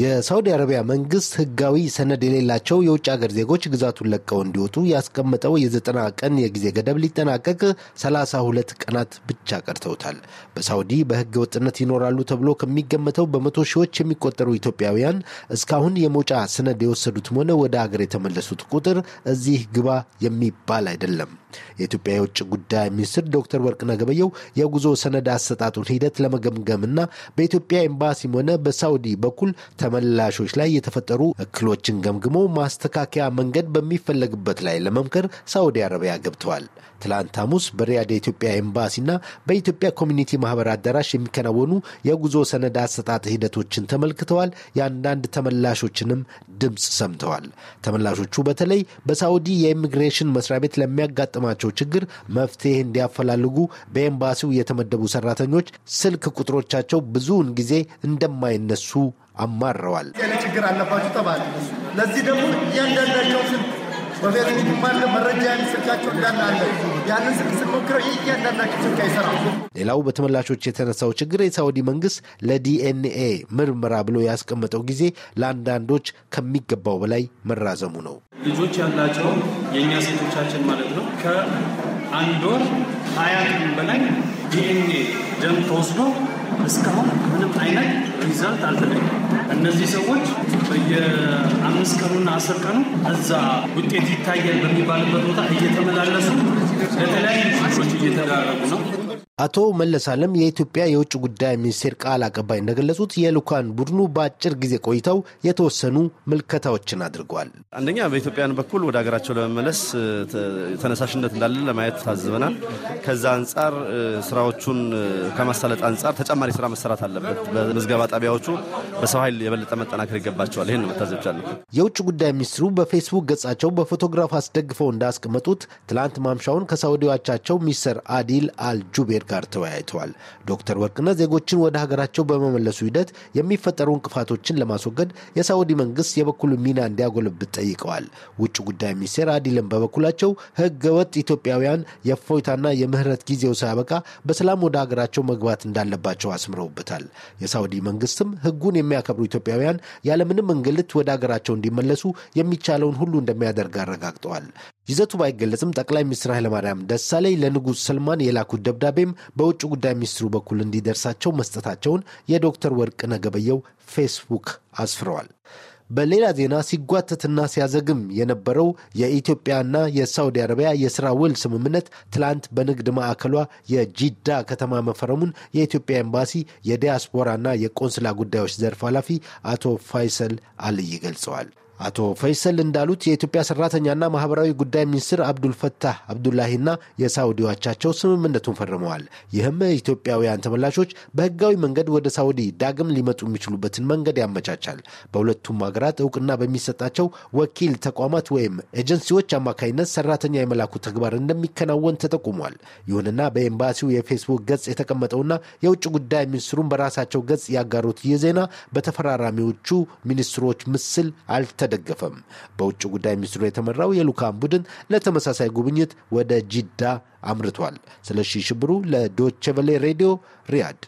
የሳውዲ አረቢያ መንግስት ህጋዊ ሰነድ የሌላቸው የውጭ ሀገር ዜጎች ግዛቱን ለቀው እንዲወጡ ያስቀመጠው የዘጠና ቀን የጊዜ ገደብ ሊጠናቀቅ ሰላሳ ሁለት ቀናት ብቻ ቀርተውታል። በሳውዲ በህገ ወጥነት ይኖራሉ ተብሎ ከሚገመተው በመቶ ሺዎች የሚቆጠሩ ኢትዮጵያውያን እስካሁን የመውጫ ሰነድ የወሰዱትም ሆነ ወደ ሀገር የተመለሱት ቁጥር እዚህ ግባ የሚባል አይደለም። የኢትዮጵያ የውጭ ጉዳይ ሚኒስትር ዶክተር ወርቅነህ ገበየሁ የጉዞ ሰነድ አሰጣጡን ሂደት ለመገምገምና በኢትዮጵያ ኤምባሲም ሆነ በሳውዲ በኩል ተመላሾች ላይ የተፈጠሩ እክሎችን ገምግሞ ማስተካከያ መንገድ በሚፈለግበት ላይ ለመምከር ሳውዲ አረቢያ ገብተዋል። ትላንት ሐሙስ በሪያድ የኢትዮጵያ ኤምባሲና በኢትዮጵያ ኮሚኒቲ ማህበር አዳራሽ የሚከናወኑ የጉዞ ሰነድ አሰጣጥ ሂደቶችን ተመልክተዋል። የአንዳንድ ተመላሾችንም ድምፅ ሰምተዋል። ተመላሾቹ በተለይ በሳውዲ የኢሚግሬሽን መስሪያ ቤት ለሚያጋጥማቸው ችግር መፍትሄ እንዲያፈላልጉ በኤምባሲው የተመደቡ ሰራተኞች ስልክ ቁጥሮቻቸው ብዙውን ጊዜ እንደማይነሱ አማረዋል። ችግር አለባችሁ ተባለ። ለዚህ ደግሞ እያንዳንዳቸው ስልክ በፌስቡክ ማለ መረጃ ስልካቸው እንዳለ አለ። ያንን ስልክ ስንሞክረው ይህ እያንዳንዳቸው ስልክ አይሰራም። ሌላው በተመላሾች የተነሳው ችግር የሳውዲ መንግስት ለዲኤንኤ ምርመራ ብሎ ያስቀመጠው ጊዜ ለአንዳንዶች ከሚገባው በላይ መራዘሙ ነው። ልጆች ያላቸው የእኛ ሴቶቻችን ማለት ነው ከአንድ ወር ሀያ በላይ ዲኤንኤ ደም ተወስዶ እስካሁን ምንም አይነት ሪዛልት አልተገኘም። እነዚህ ሰዎች በየአምስት ቀኑና አስር ቀኑ እዛ ውጤት ይታያል በሚባልበት ቦታ እየተመላለሱ ለተለያዩ ችግሮች እየተዳረጉ ነው። አቶ መለስ አለም የኢትዮጵያ የውጭ ጉዳይ ሚኒስቴር ቃል አቀባይ እንደገለጹት የልዑካን ቡድኑ በአጭር ጊዜ ቆይተው የተወሰኑ ምልከታዎችን አድርጓል። አንደኛ በኢትዮጵያን በኩል ወደ ሀገራቸው ለመመለስ ተነሳሽነት እንዳለን ለማየት ታዝበናል። ከዛ አንጻር ስራዎቹን ከማሳለጥ አንጻር ተጨማሪ ስራ መሰራት አለበት። በምዝገባ ጣቢያዎቹ በሰው ኃይል የበለጠ መጠናከር ይገባቸዋል። ይህን መታዘብቻለ። የውጭ ጉዳይ ሚኒስትሩ በፌስቡክ ገጻቸው በፎቶግራፍ አስደግፈው እንዳስቀመጡት ትላንት ማምሻውን ከሳውዲዎቻቸው ሚስተር አዲል አልጁቤር ጋር ተወያይተዋል። ዶክተር ወርቅነ ዜጎችን ወደ ሀገራቸው በመመለሱ ሂደት የሚፈጠሩ እንቅፋቶችን ለማስወገድ የሳውዲ መንግስት የበኩሉ ሚና እንዲያጎለብት ጠይቀዋል። ውጭ ጉዳይ ሚኒስቴር አዲለን በበኩላቸው ህገ ወጥ ኢትዮጵያውያን የእፎይታና የምህረት ጊዜው ሳያበቃ በሰላም ወደ ሀገራቸው መግባት እንዳለባቸው አስምረውበታል። የሳውዲ መንግስትም ህጉን የሚያከብሩ ኢትዮጵያውያን ያለምንም እንግልት ወደ ሀገራቸው እንዲመለሱ የሚቻለውን ሁሉ እንደሚያደርግ አረጋግጠዋል። ይዘቱ ባይገለጽም ጠቅላይ ሚኒስትር ኃይለማርያም ደሳለኝ ለንጉሥ ሰልማን የላኩት ደብዳቤም በውጭ ጉዳይ ሚኒስትሩ በኩል እንዲደርሳቸው መስጠታቸውን የዶክተር ወርቅ ነገበየው ፌስቡክ አስፍረዋል። በሌላ ዜና ሲጓተትና ሲያዘግም የነበረው የኢትዮጵያና የሳውዲ አረቢያ የስራ ውል ስምምነት ትላንት በንግድ ማዕከሏ የጂዳ ከተማ መፈረሙን የኢትዮጵያ ኤምባሲ የዲያስፖራና የቆንስላ ጉዳዮች ዘርፍ ኃላፊ አቶ ፋይሰል አልይ ገልጸዋል። አቶ ፈይሰል እንዳሉት የኢትዮጵያ ሰራተኛና ማህበራዊ ጉዳይ ሚኒስትር አብዱልፈታህ አብዱላሂና የሳውዲ ስምምነቱን ፈርመዋል። ይህም ኢትዮጵያውያን ተመላሾች በህጋዊ መንገድ ወደ ሳውዲ ዳግም ሊመጡ የሚችሉበትን መንገድ ያመቻቻል። በሁለቱም ሀገራት እውቅና በሚሰጣቸው ወኪል ተቋማት ወይም ኤጀንሲዎች አማካኝነት ሰራተኛ የመላኩ ተግባር እንደሚከናወን ተጠቁሟል። ይሁንና በኤምባሲው የፌስቡክ ገጽ የተቀመጠውና የውጭ ጉዳይ ሚኒስትሩን በራሳቸው ገጽ ያጋሩት ይህ ዜና በተፈራራሚዎቹ ሚኒስትሮች ምስል አልተ አልተደገፈም። በውጭ ጉዳይ ሚኒስትሩ የተመራው የልዑካን ቡድን ለተመሳሳይ ጉብኝት ወደ ጂዳ አምርቷል። ስለሺ ሽብሩ ለዶቸቨሌ ሬዲዮ ሪያድ